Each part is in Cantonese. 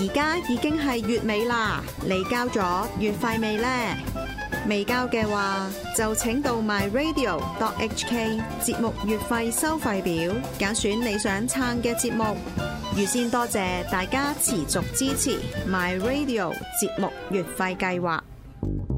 而家已經係月尾啦，你交咗月費未呢？未交嘅話，就請到 MyRadio.hk 節目月費收費表，揀選你想撐嘅節目。預先多謝大家持續支持 MyRadio 節目月費計劃。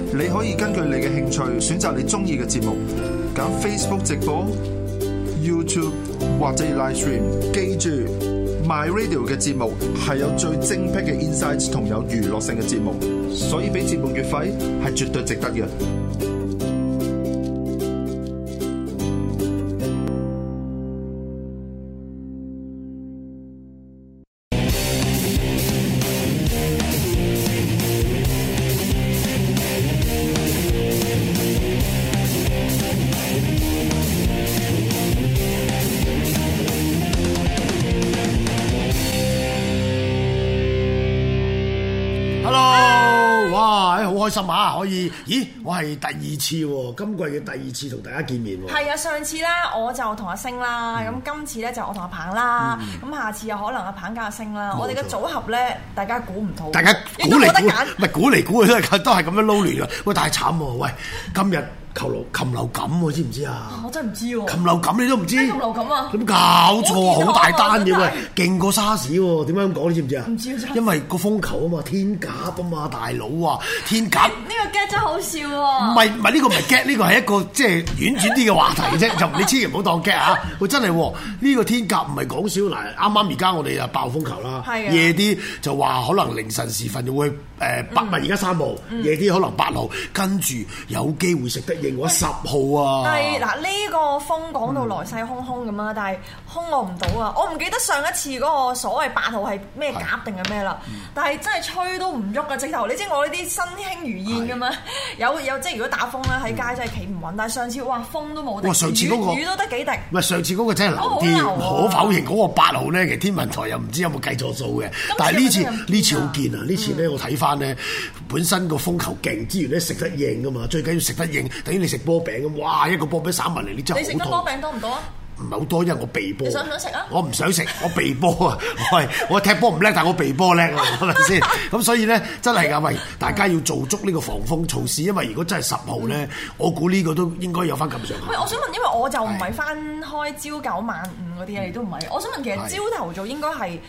你可以根據你嘅興趣選擇你中意嘅節目，揀 Facebook 直播、YouTube 或者 Live Stream。記住，MyRadio 嘅節目係有最精辟嘅 insights 同有娛樂性嘅節目，所以俾節目月費係絕對值得嘅。開心下可以，咦，我係第二次喎，今季嘅第二次同大家見面喎。係啊，上次咧我就同阿星啦，咁、嗯、今次咧就我同阿鵬啦，咁、嗯、下次有可能阿鵬加阿星啦。我哋嘅組合咧，大家估唔到。大家估嚟估，唔係估嚟估去，都係都係咁樣撈亂啊！喂，太慘喎！喂，今日。禽流感喎、啊，知唔知啊？我真係唔知喎、啊，禽流感你都唔知？禽流感啊？咁搞錯，好大單嘢喎，勁過沙士喎，點解咁講？你知唔知啊？唔、啊、知，知啊知，因為個風球啊嘛，天甲啊嘛，大佬啊，天甲呢 個 get 真係好笑喎、啊。唔係唔係呢個唔係 get，呢個係一個即係婉轉啲嘅話題啫， 就你千祈唔好當 get 嚇、啊。佢真係呢、啊呢個天甲唔係講笑嗱，啱啱而家我哋啊爆風球啦，夜啲就話可能凌晨時分就會誒八，唔係而家三號，夜啲可能八號，跟住有機會食得。迎我十號啊！係嗱，呢個風講到來勢洶洶咁啦，但係空我唔到啊！我唔記得上一次嗰個所謂八號係咩夾定係咩啦？是的嗯、但係真係吹都唔喐嘅，直頭你知我呢啲身輕如燕嘅嘛？有有即係如果打風咧，喺街真係企唔穩。但係上次哇，風都冇，雨雨、那個、都得幾滴。唔係上次嗰個真係流啲。那個流啊、可否認嗰、那個八號咧？其實天文台又唔知有冇計錯數嘅。但係呢次呢次好見啊！呢次咧我睇翻咧。本身個風球勁，之餘咧，食得應噶嘛。最緊要食得應，等於你食波餅咁，哇，一個波餅散埋嚟。你真係你食得波餅多唔多啊？唔係好多，因為我避波。你想唔想食啊？我唔想食，我避波啊！係，我踢波唔叻，但係我避波叻啊！係咪先？咁所以咧，真係噶喂，大家要做足呢個防風措施，因為如果真係十號咧、嗯，我估呢個都應該有翻咁上下。我想問，因為我就唔係翻開朝九晚五嗰啲啊，你都唔係。我想問，其實朝頭早應該係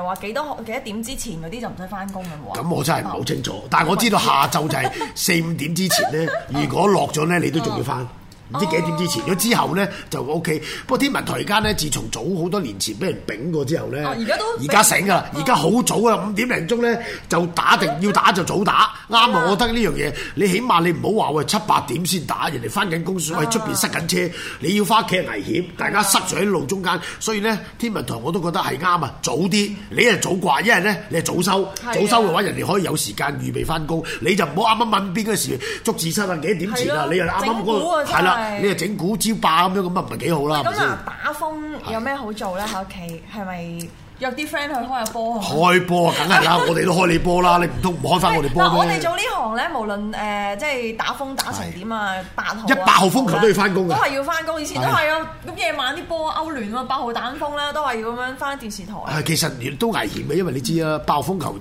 誒話幾多幾多點之前嗰啲就唔使翻工㗎喎。咁我真係唔係好清楚，嗯、但係我知道下晝就係四五點之前咧， 如果落咗咧，你都仲要翻。嗯唔知幾點之前？咗、哦、之後咧就 O K。不過天文台而家咧，自從早好多年前俾人丙過之後咧，而家醒噶啦，而家好早啊，五點零鐘咧就打定、啊，要打就早打。啱啊，我覺得呢樣嘢，你起碼你唔好話喂，七八點先打，人哋翻緊工，所以出面塞緊車，你要翻屋企危險、啊，大家塞咗喺路中間。所以咧，天文台我都覺得係啱啊，早啲。你係早掛，一係咧你係早收、啊，早收嘅話，人哋可以有時間預備翻工、啊。你就唔好啱啱問邊個時，捉字蝨啊幾點前啊？啊你又啱啱嗰個係啦。你又整古招霸咁樣，咁啊唔係幾好啦。咁啊打風有咩好做咧？喺屋企係咪約啲 friend 去開下波？開波梗係啦， 我哋都開你波啦。 你唔通唔開翻我哋波咩？我哋做呢行咧，無論誒，即係打風打成點啊，八號一八號風球都要翻工嘅。都係要翻工，以前都係啊。咁夜晚啲波歐聯啊，八號打風咧都係要咁樣翻電視台。係，其實都危險嘅，因為你知啊，八號風球。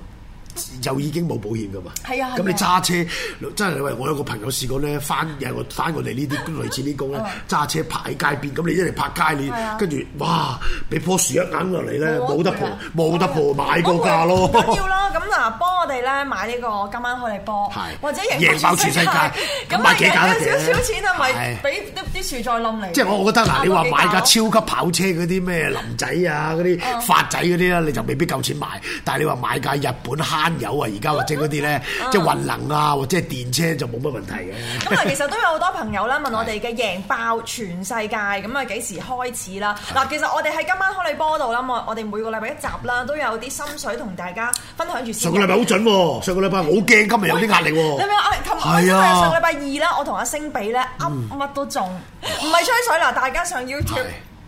就已經冇保險㗎嘛？係啊咁、啊、你揸車真係喂！我有個朋友試過咧，翻又係我翻我哋呢啲類似工呢工咧，揸、啊、車排街邊。咁你一嚟泊街，你跟住、啊、哇，俾樖樹一揞落嚟咧，冇得破，冇得破，買個價咯！要啦，咁嗱，幫我哋咧買呢、這個今晚開你波，或者贏爆全世界，啊、買幾價少少錢啊，咪俾啲啲樹再冧你。即、就、係、是、我覺得嗱，你話買架超級跑車嗰啲咩林仔啊，嗰啲發仔嗰啲啦，你就未必夠錢買。但係你話買架日本黑。慳油啊！而家或者嗰啲咧，即係混能啊，或者係電車就冇乜問題嘅。咁啊，其實都有好多朋友啦，問我哋嘅贏爆全世界咁啊，幾時開始啦？嗱，其實我哋喺今晚開你波度啦，我我哋每個禮拜一集啦，都有啲心水同大家分享住。上個禮拜好準，上個禮拜好驚，今日有啲壓力。有冇壓力？係啊，上個禮拜二啦，我同阿星比咧，乜乜都中，唔係吹水啦，大家上 YouTube。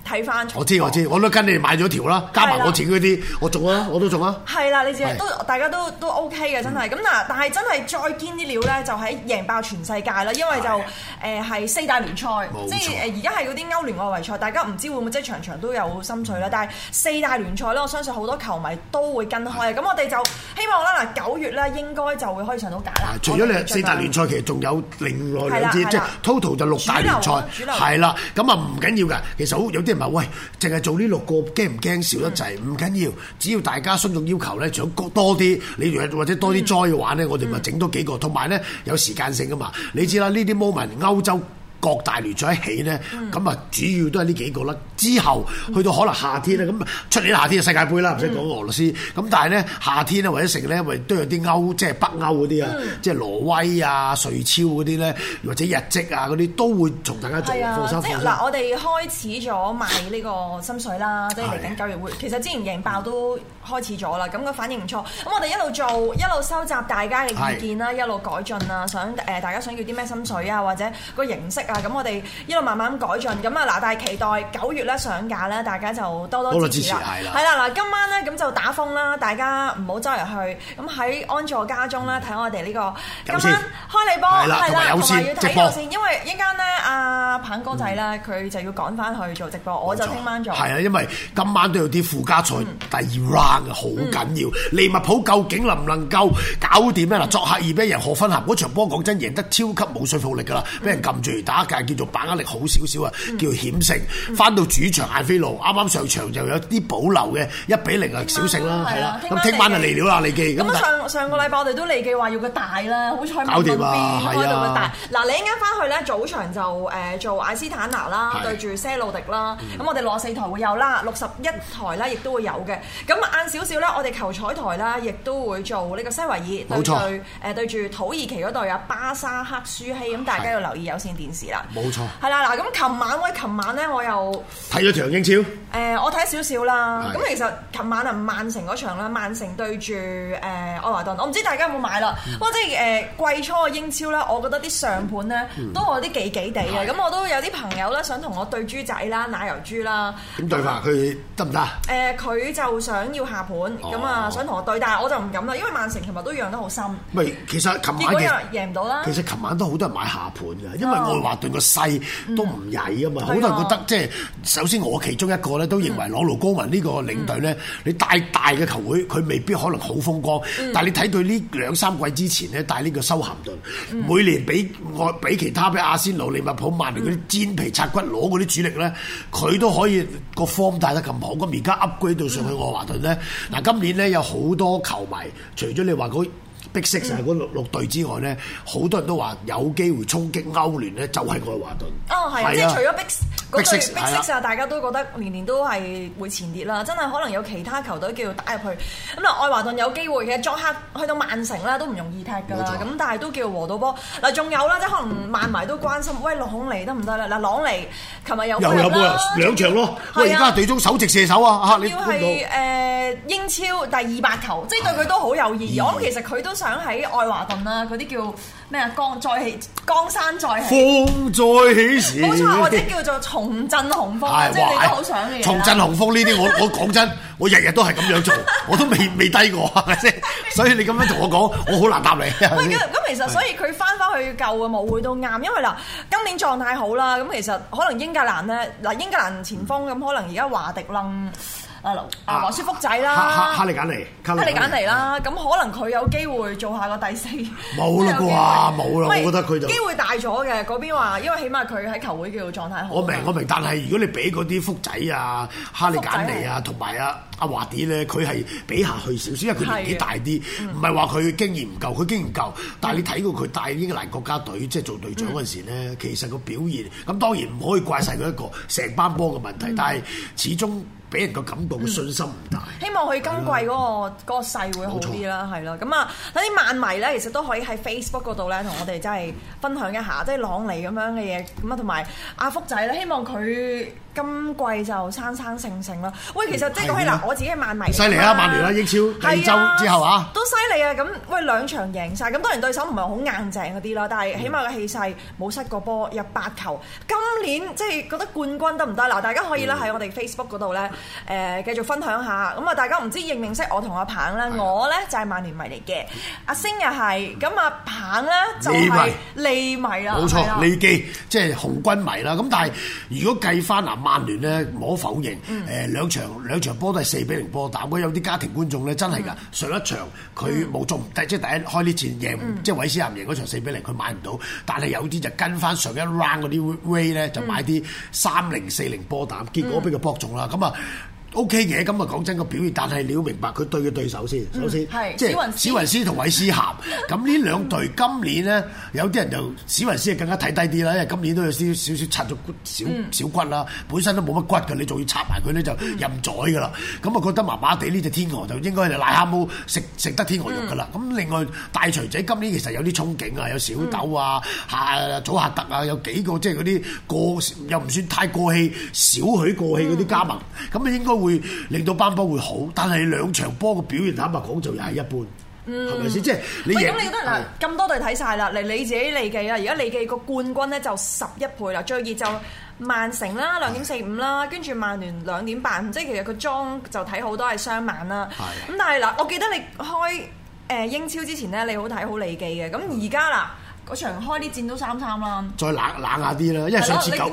睇翻，我知我知，我都跟你買咗條啦，加埋我自己啲，我做啊，我都做啊。係啦，你只都大家都都 OK 嘅，真係咁嗱。但係真係再堅啲料咧，就喺贏爆全世界啦，因為就誒、是、係、呃、四大聯賽，即係而家係嗰啲歐聯外圍賽，大家唔知會唔會即係場場都有心水啦。但係四大聯賽咧，我相信好多球迷都會跟開。咁我哋就希望啦，嗱，九月咧應該就會可以上到架啦。除咗你四大聯賽，其實仲有另外兩支，即係 total 就六大聯賽，係啦。咁啊唔緊要㗎，其實好有啲。唔係，喂，淨係做呢六個驚唔驚少得滯？唔緊要，只要大家信眾要求咧，想多啲，你或者多啲災嘅話咧，我哋咪整多幾個。同埋咧，有時間性噶嘛？你知啦，呢啲 moment 歐洲各大聯賽一齊咧，咁啊主要都係呢幾個啦。嗯之後去到可能夏天咧，咁、嗯、出年夏天嘅世界盃啦，唔使講俄羅斯。咁、嗯、但係咧夏天咧或者成咧，因為都有啲歐即係北歐嗰啲啊，即係挪威啊、瑞超嗰啲咧，或者日職啊嗰啲都會同大家做貨商貨商、啊。即係嗱、嗯，我哋開始咗賣呢個心水啦，即係嚟緊九月會、啊。其實之前贏爆都開始咗啦，咁、那個反應唔錯。咁我哋一路做一路收集大家嘅意見啦、啊，一路改進啊，想誒、呃、大家想要啲咩心水啊，或者個形式啊。咁我哋一路慢慢改進。咁啊嗱，但係期待九月咧。上架啦，大家就多多支持啦。係啦，係啦嗱，今晚咧咁就打風啦，大家唔好周圍去。咁喺安坐家中啦，睇、嗯、我哋呢、這個今晚開你波係啦，有線直播先，因為一陣間咧阿鵬哥仔咧佢、嗯、就要趕翻去做直播，我就聽晚做係啊，因為今晚都有啲附加賽第二 round 啊，好、嗯、緊要。利、嗯、物浦究竟能唔能夠搞掂咧？嗱、嗯，作客二比一贏賀芬咸嗰場波，講真贏得超級冇說服力噶啦，俾、嗯、人撳住打一，叫做把握力好少少啊，叫做險勝。翻、嗯、到主場艾菲路啱啱上場就有啲保留嘅一比零啊小勝啦，係啦。咁聽晚，晚就嚟料啦利記。咁上上個禮拜我哋都利記話要佢大，個大、啊、啦，好彩馬盾 B 開到個大。嗱你一陣間翻去咧早場就誒、呃、做艾斯坦拿啦對住西路迪啦，咁、嗯、我哋六四台會有啦，六十一台啦亦都會有嘅。咁晏少少咧，我哋球彩台啦亦都會做呢個西維爾冇錯誒、呃、對住土耳其嗰隊有巴沙克舒希，咁大家要留意有線電視啦。冇錯。係啦嗱，咁琴晚喂，琴晚咧我又。睇咗場英超？誒、呃，我睇少少啦。咁其實琴晚啊，曼城嗰場啦，曼城對住誒、呃、愛華頓，我唔知大家有冇買啦。哇、嗯！即係誒季初嘅英超咧，我覺得啲上盤咧都係啲幾幾地嘅。咁、嗯、我都有啲、嗯、朋友咧想同我對豬仔啦、奶油豬啦。點對法佢得唔得？誒、啊，佢、呃、就想要下盤，咁、哦、啊想同我對，但係我就唔敢啦，因為曼城琴日都讓得好深。咪其實琴晚贏唔到啦。其實琴晚，晚都好多人買下盤嘅，因為愛華頓個勢都唔曳啊嘛，好、嗯、多人覺得、嗯、即係。首先我其中一個咧，都認為朗奴高文呢個領隊呢，嗯、你帶大嘅球會，佢未必可能好風光。嗯、但係你睇佢呢兩三季之前呢，帶呢個修咸頓、嗯，每年比我比其他比阿仙奴、利物浦、曼聯嗰啲煎皮擦骨攞嗰啲主力呢，佢都可以個 form 帶得咁好。咁而家 upgrade 到上去愛華頓呢，嗱、嗯、今年呢有好多球迷，除咗你話碧色成個六、嗯、六隊之外咧，好多人都話有機會衝擊歐聯咧，就係、是、愛華頓。哦，係即係除咗碧色嗰碧色成，大家都覺得年年都係會前跌啦。的真係可能有其他球隊叫做打入去，咁、嗯、啊愛華頓有機會嘅作客去到曼城咧都唔容易踢㗎啦。咁但係都叫和到波。嗱，仲有啦，即係可能曼迷都關心，喂，朗尼得唔得咧？嗱，朗尼琴日有入啦，兩場咯。係啊，而家隊中首席射手啊，你要係誒、呃、英超第二百球，即係對佢都好有意義。我覺得其實佢都。想喺愛華頓啦，嗰啲叫咩啊？江再起，江山再起，風再起時，冇錯，或者叫做重振雄風。啊，即係都好想嘅重振雄風呢啲， 我我講真，我日日都係咁樣做， 我都未未低過，係咪先？所以你咁樣同我講，我好難答你。咁 其實，其實所以佢翻翻去舊嘅母會都啱，因為嗱，今年狀態好啦。咁其實可能英格蘭咧，嗱，英格蘭前鋒咁，可能而家華迪愣。阿羅、啊、阿舒福仔啦，哈利簡尼，尼，哈利簡尼啦，咁可能佢有機會做下個第四，冇啦，啩，冇啦，我覺得佢就機會大咗嘅嗰邊話，因為起碼佢喺球會叫做狀態好。我明我明，但係如果你俾嗰啲福仔啊、哈利簡尼啊，同埋阿阿華迪咧，佢係比下去少少，因為佢年紀大啲，唔係話佢經驗唔夠，佢經驗夠，但係你睇過佢帶英格蘭國家隊即係、就是、做隊長嗰陣時咧、嗯，其實個表現，咁當然唔可以怪晒佢一個成、嗯、班波嘅問題，嗯、但係始終。俾人個感覺、嗯、信心唔大，希望佢今季嗰、嗰個嗰、嗰個勢會好啲啦，係咯。咁啊，嗰啲曼迷咧，其實都可以喺 Facebook 嗰度咧，同我哋真係分享一下，即係朗尼咁樣嘅嘢。咁啊，同埋阿福仔咧，希望佢。咁貴就生生性性啦！喂，其實即係嗱，我自己係曼迷，犀利啊！曼聯啦，英超第二週之後啊，都犀利啊！咁喂，兩場贏曬，咁當然對手唔係好硬淨嗰啲啦，但係起碼個氣勢冇失過波，入八球。今年即係覺得冠軍得唔得？嗱，大家可以咧喺我哋 Facebook 嗰度咧，誒繼續分享下。咁啊，大家唔知認唔認識我同阿鵬咧？我咧就係曼聯迷嚟嘅，阿星又係，咁啊，鵬咧就係利迷啦，冇錯，利基即係紅軍迷啦。咁但係如果計翻南。曼聯咧，冇可否認，誒、嗯、兩場兩場波都係四比零波膽，不過有啲家庭觀眾咧真係噶、嗯，上一場佢冇中，嗯、即係第一開呢戰贏，即係韋斯咸贏嗰場四比零佢買唔到，但係有啲就跟翻上一 round 嗰啲 way 咧，就買啲三零四零波膽，嗯、結果俾佢博中啦，咁、嗯、啊～O K 嘅，咁啊講真個表現，但係你要明白佢對嘅對手先，首先，即係小雲斯同韋斯咸，咁呢兩隊今年咧，有啲人就小雲斯係更加睇低啲啦，因為今年都有少少少拆咗少少骨啦，本身都冇乜骨㗎，你仲要拆埋佢咧就任宰㗎啦。咁啊覺得麻麻地呢隻天鵝就應該就癩蝦蟆食食得天鵝肉㗎啦。咁另外大錘仔今年其實有啲憧憬啊，有小豆啊、祖夏特啊，有幾個即係嗰啲過又唔算太過氣、少許過氣嗰啲加盟，咁你應該會。會令到班波會好，但係兩場波嘅表現坦白講就又係一般，係咪先？即係、就是、你咁你嗱咁多隊睇晒啦，嚟，你自己利記啦。而家利記個冠軍咧就十一倍啦，最熱就曼城啦，兩點四五啦，跟住，曼聯兩點八。即係其實個莊就睇好多係雙曼啦。係咁，但係嗱，我記得你開誒英超之前咧，你好睇好利記嘅。咁而家嗱。嗰場開啲戰都三三啦，再冷冷下啲啦，因為上次九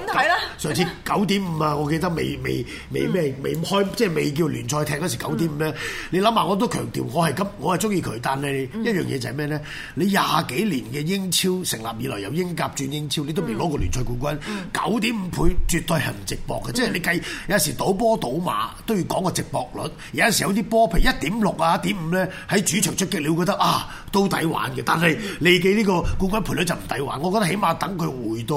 上次九點五啊，我記得未未未咩、嗯、未開，即係未叫聯賽踢嗰時九點五咧、嗯。你諗下，我都強調我係咁，我係中意佢，但係、嗯、一樣嘢就係咩咧？你廿幾年嘅英超成立以來，由英甲轉英超，你都未攞過聯賽冠軍。九點五倍絕對係唔直播嘅、嗯，即係你計有時賭波賭馬都要講個直播率，有陣時有啲波譬如一點六啊、一點五咧，喺主場出擊了，你會覺得啊都抵玩嘅。但係你嘅呢個冠軍賠率就唔抵玩，我覺得起碼等佢回到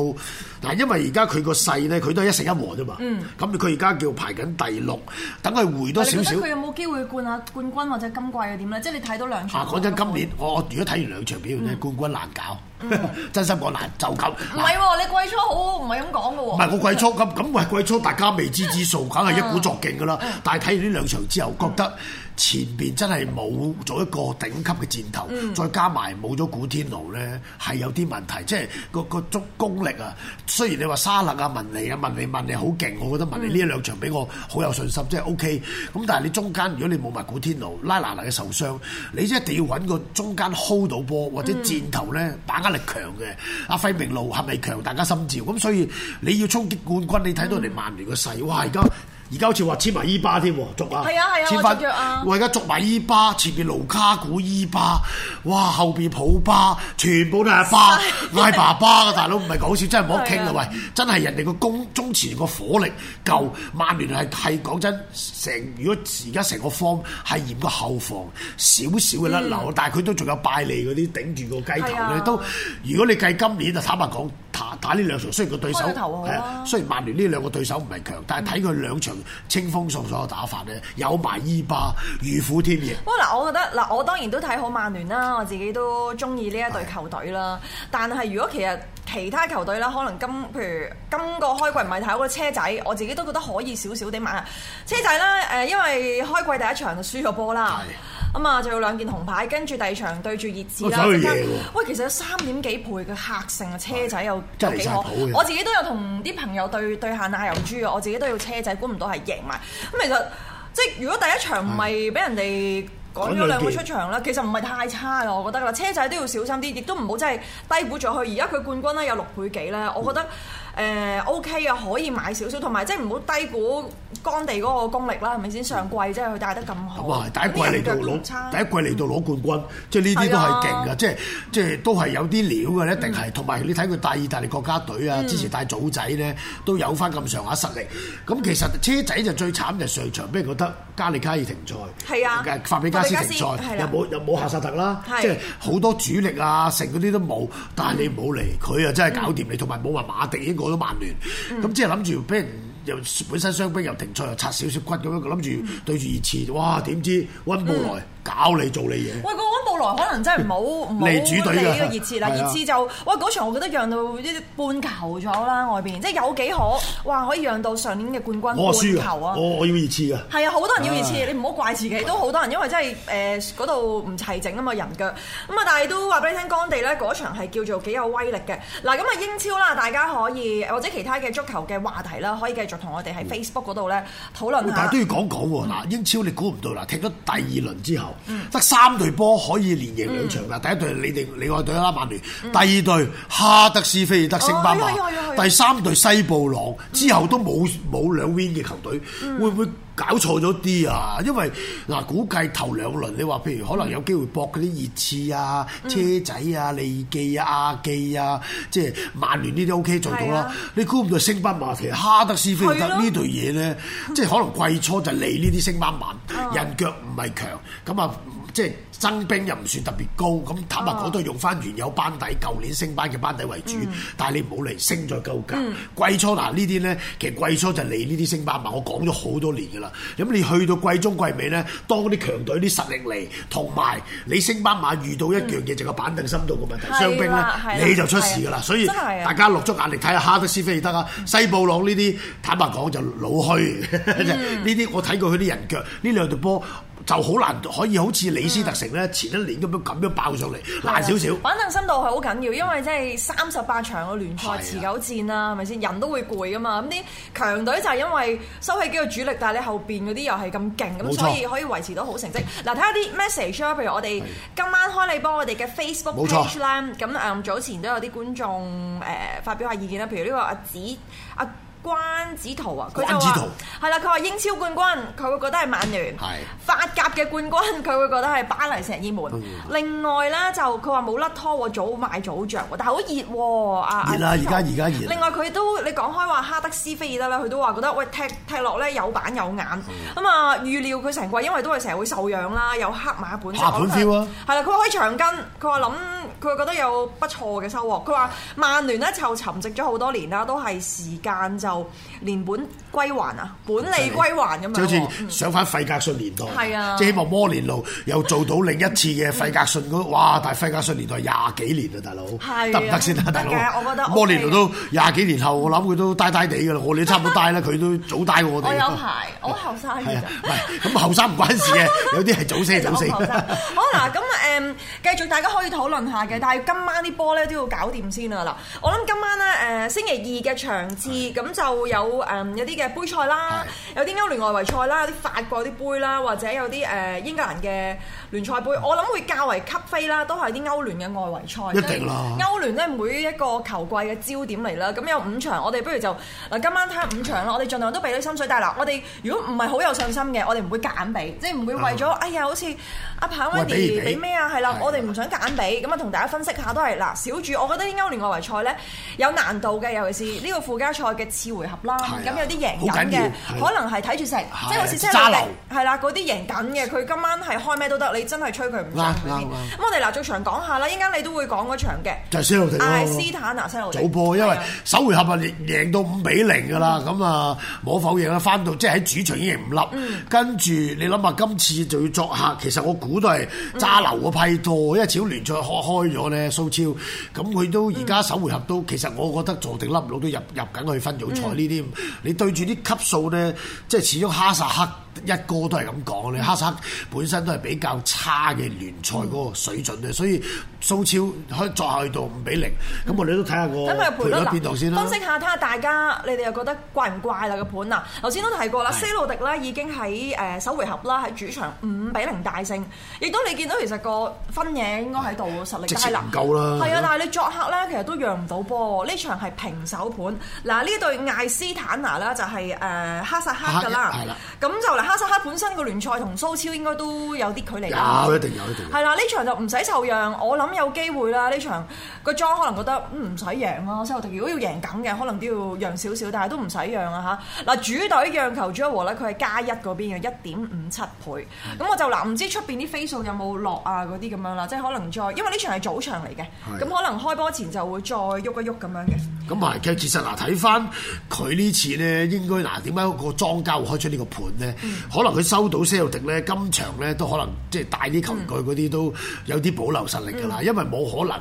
嗱，因為而家佢個勢咧，佢都係一成一和啫嘛。嗯。咁佢而家叫排緊第六，等佢回多少少。佢有冇機會灌冠下冠軍或者今季嘅點咧？即係你睇到兩場。啊，講真，今年我我如果睇完兩場票咧，冠軍難搞。 真心講，難就咁，唔係喎，你季初好唔係咁講噶喎。唔係、啊、我季初咁，咁係季初大家未知之數，梗係一鼓作勁噶啦。 但係睇完呢兩場之後，覺得前邊真係冇咗一個頂級嘅箭頭，嗯、再加埋冇咗古天奴咧，係有啲問題，即係個個足功力啊。雖然你話沙勒啊、文尼啊、文尼、啊、文尼好勁，我覺得文尼呢一兩場俾我好有信心，嗯、即係 OK。咁但係你中間如果你冇埋古天奴、拉拿拿嘅受傷，你即係一定要揾個中間 hold 到波或者箭頭咧壓力強嘅阿費明路，係咪強？大家心照。咁所以你要衝擊冠軍，你睇到人哋曼聯個勢，哇！而家。而家好似話黐埋伊巴添喎，續啊，係啊！簽翻腳啊！我而家續埋伊巴，前邊盧卡古伊巴，哇，後邊普巴，全部都係巴嗌爸爸嘅大佬，唔係講笑，真係唔好傾啊！喂，真係人哋個攻中前個火力夠，曼聯係係講真的，成如果而家成個方係嫌個後防少少嘅甩流，但係佢都仲有拜利啲頂住個雞頭咧，都如果你計今年就坦白講。打呢兩場，雖然個對手係啊，雖然曼聯呢兩個對手唔係強，嗯、但係睇佢兩場清風送爽嘅打法咧，有埋伊巴、如虎添翼嘅。不過，嗱，我覺得嗱，我當然都睇好曼聯啦，我自己都中意呢一隊球隊啦。是但係如果其實其他球隊啦，可能今譬如今個開季唔係睇嗰車仔，我自己都覺得可以少少啲買車仔啦。誒，因為開季第一場就輸咗波啦。咁、嗯、啊，就有兩件紅牌，跟住第二場對住熱刺啦，喂，其實有三點幾倍嘅客勝啊，車仔有有幾好，我自己都有同啲朋友對對下奶油豬啊，我自己都要車仔，估唔到係贏埋。咁、嗯、其實即如果第一場唔係俾人哋趕咗兩個出場啦、嗯，其實唔係太差啦，我覺得啦，車仔都要小心啲，亦都唔好真係低估咗佢。而家佢冠軍咧有六倍幾呢、嗯，我覺得。誒、呃、OK 啊，可以買少少，同埋即係唔好低估干地嗰個功力啦，係咪先？上季即係佢帶得咁好，哇、嗯！第一季嚟到攞，第一季嚟到攞冠軍、嗯，即係呢啲都係勁嘅，即係即係都係有啲料嘅，一定係。同、嗯、埋你睇佢帶意大利國家隊啊、嗯，之前帶祖仔咧都有翻咁上下實力。咁、嗯、其實車仔就最慘，就上場俾人覺得加利卡爾停賽，係啊，法比加斯停賽，又冇又冇夏薩特啦，即係好多主力啊，成嗰啲都冇、嗯。但係你唔好嚟，佢又真係搞掂、嗯、你，同埋冇話馬迪呢個。過咗曼聯，咁即係諗住俾人又本身傷兵又停賽又拆少少骨咁樣，諗住對住熱刺，哇！點知溫布萊？嗯搞你做你嘢。喂，個溫布萊可能真係冇冇你呢個熱刺啦，熱刺就喂，嗰場我覺得讓到一半球咗啦外邊，即係有幾可哇可以讓到上年嘅冠軍我輸的半球啊！我我要熱刺啊！係啊，好多人要熱刺，你唔好怪自己，都好多人因為真係誒嗰度唔齊整啊嘛人腳咁啊，但係都話俾你聽，乾地咧嗰場係叫做幾有威力嘅嗱。咁啊英超啦，大家可以或者其他嘅足球嘅話題啦，可以繼續同我哋喺 Facebook 嗰度咧討論下。哦，但係都要講講喎嗱，英超你估唔到嗱，踢咗第二輪之後。得三隊波可以連贏兩場噶、嗯，第一隊你哋你，你愛隊啦，曼聯；第二隊、嗯、哈德斯菲爾德升班馬、哦哎哎；第三隊西布朗，嗯、之後都冇冇兩 win 嘅球隊、嗯，會唔會？搞錯咗啲啊！因為嗱、啊，估計頭兩輪你話，譬如可能有機會搏嗰啲熱刺啊、嗯、車仔啊、利記啊、亞記啊，即係曼聯呢啲 OK 做到啦、啊。你估唔到升班馬其實哈德斯菲得、啊、呢隊嘢咧，即係可能季初就嚟呢啲升班馬， 人腳唔係強，咁啊。即係增兵又唔算特別高，咁坦白講都係用翻原有班底、舊、啊、年升班嘅班底為主。嗯、但你唔好嚟升咗高價。嗯、季初嗱呢啲呢，其實季初就嚟呢啲升班馬，我講咗好多年㗎啦。咁你去到季中季尾呢，當嗰啲強隊啲實力嚟，同埋你升班馬遇到一樣嘢，就個板凳深度嘅問題、傷、嗯、兵呢，嗯、你就出事㗎啦。嗯、所以大家落足眼力睇下哈德斯菲爾德啊、嗯、西布朗呢啲，坦白講就老虛。呢、嗯、啲 我睇過佢啲人腳，呢兩條波。就好難可以好似李斯特城咧、嗯、前一年咁樣咁樣爆上嚟難少少。反正深度係好緊要，因為即係三十八場嘅聯賽持久戰啦，係咪先？人都會攰噶嘛？咁啲強隊就係因為收起幾個主力，但係你後邊嗰啲又係咁勁，咁所以可以維持到好成績。嗱，睇下啲 message 啦，譬如我哋今晚開你波我哋嘅 Facebook page 啦，咁誒早前都有啲觀眾誒發表下意見啦，譬如呢個阿子阿。關子圖啊，佢就話係啦，佢話英超冠軍，佢會覺得係曼聯；法甲嘅冠軍，佢會覺得係巴黎聖衣門。嗯、另外咧就佢話冇甩拖，我早買早着，但係好熱喎、啊。熱啦，而家而家熱。另外佢都你講開話哈德斯菲爾德啦，佢都話覺得喂踢踢落咧有板有眼咁啊，預、嗯嗯、料佢成季，因為都係成日會受養啦，有黑馬本色。係啦、啊，佢話開長根，佢話諗佢話覺得有不錯嘅收穫。佢話、嗯、曼聯呢就沉寂咗好多年啦，都係時間就。連本歸還啊，本利歸還咁樣，就好似上翻費格遜年代，係啊，即係希望摩連奴又做到另一次嘅費格遜 哇！但係費格遜年代廿幾年啊，大佬，得唔得先啊，大佬，我覺得唔得先啊，大佬？摩連奴都廿幾 年後，我諗佢都呆呆地㗎啦，我哋差唔多呆啦，佢 都早呆過我哋。我有排、嗯，我後生咁、啊 啊啊、後生唔關事嘅， 有啲係早死早死。 好嗱，咁誒、嗯、繼續大家可以討論下嘅，但係今晚啲波咧都要搞掂先啊嗱，我諗今晚咧誒、呃、星期二嘅場次咁就。就有誒有啲嘅杯賽啦，有啲歐聯外圍賽啦，有啲法國啲杯啦，或者有啲誒、呃、英格蘭嘅聯賽杯，我諗會較為吸飛啦，都係啲歐聯嘅外圍賽。一定啦！歐聯咧每一個球季嘅焦點嚟啦，咁有五場，我哋不如就嗱今晚睇下五場啦。我哋儘量都俾你心水，但係嗱，我哋如果唔係好有信心嘅，我哋唔會夾硬比，即係唔會為咗、嗯、哎呀，好似阿鵬 Wendy 俾咩啊？係啦，啦我哋唔想夾硬比，咁啊同大家分析下都係嗱，小主，我覺得啲歐聯外圍賽咧有難度嘅，尤其是呢個附加賽嘅回合啦，咁、啊嗯、有啲贏緊嘅、啊，可能係睇住食，即係好似車路係啦，嗰啲、啊啊、贏緊嘅，佢今晚係開咩都得，你真係吹佢唔爭。咁、啊啊、我哋嗱，做場講下啦，依家你都會講嗰場嘅，就西路尼、艾斯坦拿啊，西路尼，早波、啊，因為首回合啊，贏到五比零㗎啦，咁、嗯、啊，冇否認啦，翻到即係喺主場已經唔粒，跟、嗯、住你諗下，今次就要作客，其實我估都係揸流嘅批套、嗯、因為始終聯賽開開咗咧，蘇超，咁佢都而家首回合都、嗯，其實我覺得坐定粒六都入入緊去分組。呢啲， 你對住啲級數咧，即係始終哈薩克。一個都係咁講咧，哈薩克本身都係比較差嘅聯賽嗰個水準咧，所以蘇超可以再去到五比零。咁、嗯、我哋都睇下個佢嘅變動先啦。分析下睇下大家，你哋又覺得怪唔怪啦個盤啊？頭先都提過啦，些路迪咧已經喺誒首回合啦，喺主場五比零大勝。亦都你見到其實個分野應該喺度，實力都係夠啦。係啊，但係你作客咧，其實都讓唔到波。呢場係平手盤。嗱，呢對艾斯坦拿咧就係誒哈薩克㗎啦。係啦，咁就。哈薩克本身個聯賽同蘇超應該都有啲距離啦、啊，有一定有一定有。係啦，呢場就唔使受讓，我諗有機會啦。呢場個莊可能覺得唔使贏咯，即係如果要贏緊嘅，可能都要讓少少，但係都唔使讓啊嚇。嗱主隊讓球主和咧，佢係加一嗰邊嘅一點五七倍。咁我就嗱，唔知出邊啲飛數有冇落啊嗰啲咁樣啦，即係可能再因為呢場係早場嚟嘅，咁可能開波前就會再喐一喐咁樣嘅。咁係，其實嗱，睇翻佢呢次咧，應該嗱點解個莊家會開出呢個盤咧、嗯？可能佢收到 sales 咧，今場咧都可能即係帶啲球員嗰啲都有啲保留實力㗎啦、嗯嗯。因為冇可能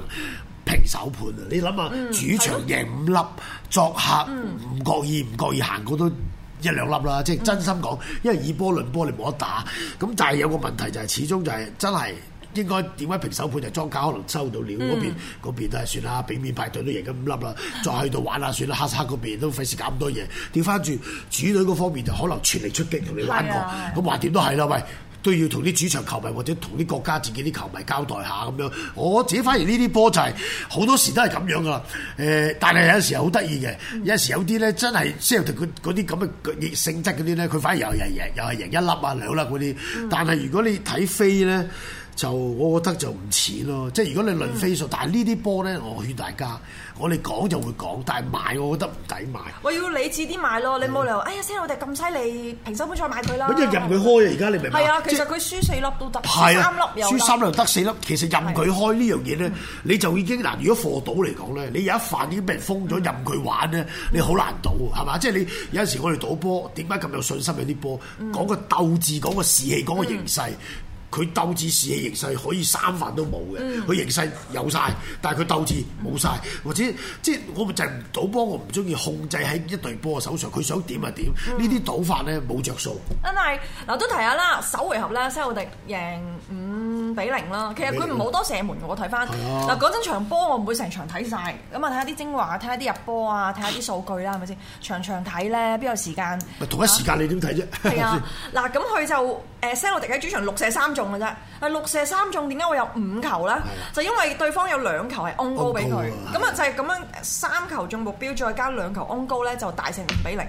平手盤啊！你諗下、嗯，主場贏五粒、嗯，作客唔覺、嗯、意唔覺意行過都一兩粒啦。即、就、係、是、真心講、嗯，因為以波論波你冇得打。咁但係有個問題就係、是，始終就係真係。應該點解平手盤就莊家可能收到料嗰邊嗰、嗯、邊都係算啦，俾面派對都贏咗五粒啦，再去到玩下算啦。哈士嗰邊都費事搞咁多嘢，調翻轉主隊嗰方面就可能全力出擊同你玩過。咁、啊、橫掂都係啦，喂，都要同啲主場球迷或者同啲國家自己啲球迷交代下咁樣。我自己反而呢啲波就係、是、好多時都係咁樣噶。誒，但係有陣時好得意嘅，有陣時有啲咧真係即係嗰嗰啲咁嘅性質嗰啲咧，佢反而又贏贏又係贏一粒啊兩粒嗰啲。但係如果你睇飛咧。就我覺得就唔似咯，即係如果你論飛數，嗯、但係呢啲波咧，我勸大家，我哋講就會講，但係買我覺得唔抵買。我要理智啲買咯，嗯、你冇理由，哎呀先，我哋咁犀利，平手本再買佢啦。咁就任佢開啊！而家你明唔明？係啊、就是，其實佢輸四粒都得，三粒又輸三粒又得四粒。其實任佢開呢樣嘢咧，你就已經嗱，如果貨到嚟講咧，你有一犯已經被封咗、嗯，任佢玩咧，你好難賭，係、嗯、嘛？即係你有陣時我哋賭波，點解咁有信心有啲波？講個鬥志，講個士氣，講個形勢。嗯佢鬥志士氣形勢可以三分都冇嘅，佢形勢有晒，但係佢鬥志冇晒，或者即係我咪就唔賭波，我唔中意控制喺一隊波嘅手上，佢想點就點。呢、嗯、啲賭法咧冇着數。啊，嗱，嗱都提下啦，首回合啦，西奧迪贏五比零啦。其實佢唔好多射門，我睇翻嗱嗰陣場波，我唔、啊、會成場睇晒。咁啊睇下啲精華，睇下啲入波啊，睇下啲數據啦，係咪先？場場睇咧，邊有時間、啊？同一時間你點睇啫？係啊，嗱、啊，咁佢就誒西奧迪喺主場六射三嘅啫，係六射三中，點解會有五球呢？就因為對方有兩球係 on goal 俾佢，咁啊就係咁樣三球中目標，再加兩球 on goal 呢，就大勝五比零。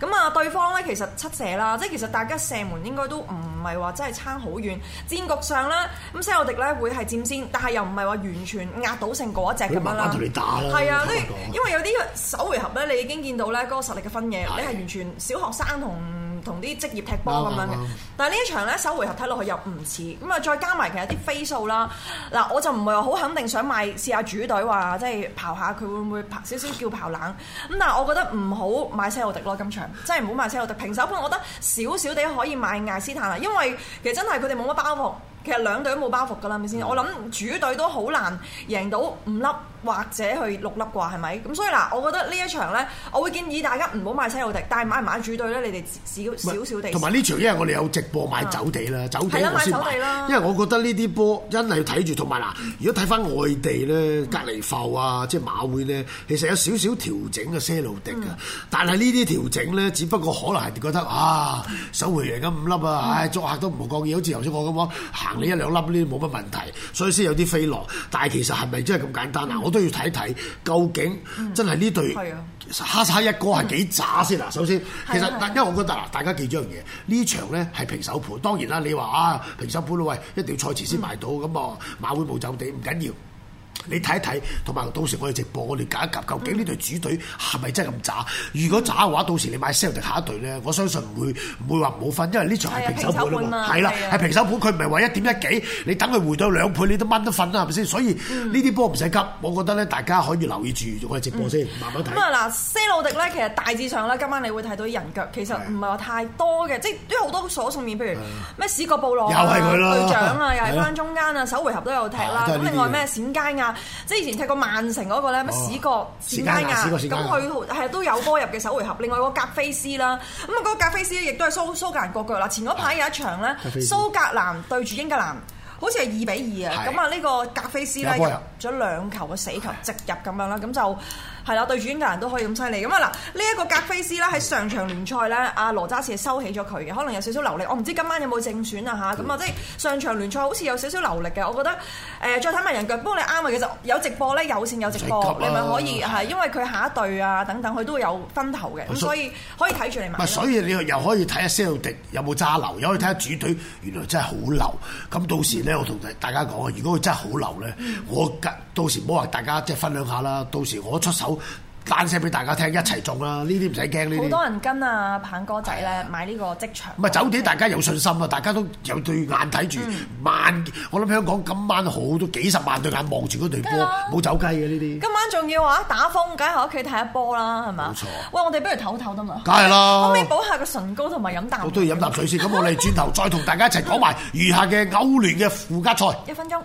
咁啊，對方呢，其實七射啦，即係其實大家射門應該都唔係話真係差好遠。戰局上咧，咁西奧迪呢會係佔先，但係又唔係話完全壓倒性嗰一隻咁樣啦。我係啊，因為有啲首回合呢，你已經見到呢嗰個實力嘅分野，是你係完全小學生同。同啲職業踢波咁樣嘅、哦哦，但係呢一場咧，首回合睇落去又唔似咁啊。再加埋其實啲飛數啦，嗱，我就唔係話好肯定想買試下主隊話，即係刨下佢會唔會刨少少叫刨冷咁。但係我覺得唔好買西奧迪咯。今場真係唔好買西奧迪平手盤，我覺得少少地可以買艾斯坦啦。因為其實真係佢哋冇乜包袱，其實兩隊都冇包袱噶啦，係咪先？我諗主隊都好難贏到五粒。或者去六粒啩係咪？咁所以嗱，我覺得呢一場咧，我會建議大家唔好買西路迪，但係買唔買主隊咧？你哋少少少地還有這一。同埋呢場因為我哋有直播買走地啦，走地我先買。買因為我覺得呢啲波真係要睇住，同埋嗱，如果睇翻外地咧，隔離埠啊，即係馬會咧，其實有少少調整嘅西路迪啊。嗯、但係呢啲調整咧，只不過可能係覺得啊，首回贏咗五粒啊，唉、嗯哎，作客都唔好講嘢，好似頭先我咁講，行你一兩粒呢，冇乜問題，所以先有啲飛落。但係其實係咪真係咁簡單嗱？嗯都要睇睇究竟真係呢隊哈蝦、嗯、一哥係幾渣先啦？首先，其實大家因為我覺得嗱，大家記住樣嘢，呢場咧係平手盤。當然啦，你話啊，平手盤啦，喂，一定要賽前先買到咁啊，嗯、馬會冇走地唔緊要。你睇一睇，同埋到時我哋直播，我哋夾一夾，究竟呢、嗯、隊主隊係咪真係咁渣？嗯、如果渣嘅話，到時你買些路迪下一隊咧，我相信唔會唔會話唔好瞓，因為呢場係平手盤啦，係啦，係平手盤，佢唔係話一點一幾，1. 1. 3，你等佢回到兩倍，你都掹得瞓啦，係咪先？所以呢啲波唔使急，我覺得咧，大家可以留意住我哋直播先，慢慢睇。咁啊嗱，些路迪咧，其實大致上咧，今晚你會睇到人腳，其實唔係話太多嘅，即係都好多所屬面，譬如咩史葛布朗、又係佢囉，隊長啊，又係翻中間啊，首回合都有踢啦。咁另外咩閃街亞？即係以前踢過曼城嗰、嗰個咧，乜史國史丹亞，咁佢係都有波入嘅，首回合。 另外一個格菲斯啦，咁啊嗰個格菲斯咧，亦都係蘇蘇格蘭國腳啦。前嗰排有一場咧， 蘇格蘭對住英格蘭，好似係二比二啊。咁啊呢個格菲斯咧，入咗兩球嘅死 球直入咁樣啦，咁就。係啦，對主邊個人都可以咁犀利咁啊！嗱，呢、這、一個格菲斯咧喺上場聯賽咧，阿羅揸士係收起咗佢嘅，可能有少少流力。我唔知今晚有冇正選啊嚇咁啊！即係上場聯賽好似有少少流力嘅，我覺得誒、呃、再睇埋人腳。不過你啱啊，其實有直播咧，有線有直播，啊、你咪可以係、啊，因為佢下一隊啊等等，佢都會有分頭嘅，咁所，所以可以睇住你買。買。咪所以你又可以睇下些路迪有冇揸流、嗯，又可以睇下主隊原來真係好流。咁到時咧，我同大家講如果佢真係好流咧、嗯，我到時唔好話大家即係、就是、分享下啦。到時我出手。單聲俾大家聽，一齊中啦！呢啲唔使驚呢啲。好多人跟啊，鵬哥仔咧、啊、買呢個即場。唔係酒店，大家有信心啊！大家都有對眼睇住萬，我諗香港今晚好多幾十萬對眼望住嗰隊波，冇走雞嘅呢啲。今晚仲要啊，打風，梗係喺屋企睇一波啦，係咪？冇錯。喂，我哋不如唞唞得嘛？梗係啦。可唔可以補下個唇膏同埋飲啖？我都要飲啖水先。咁 我哋轉頭再同大家一齊講埋餘下嘅歐聯嘅附加賽。一分鐘。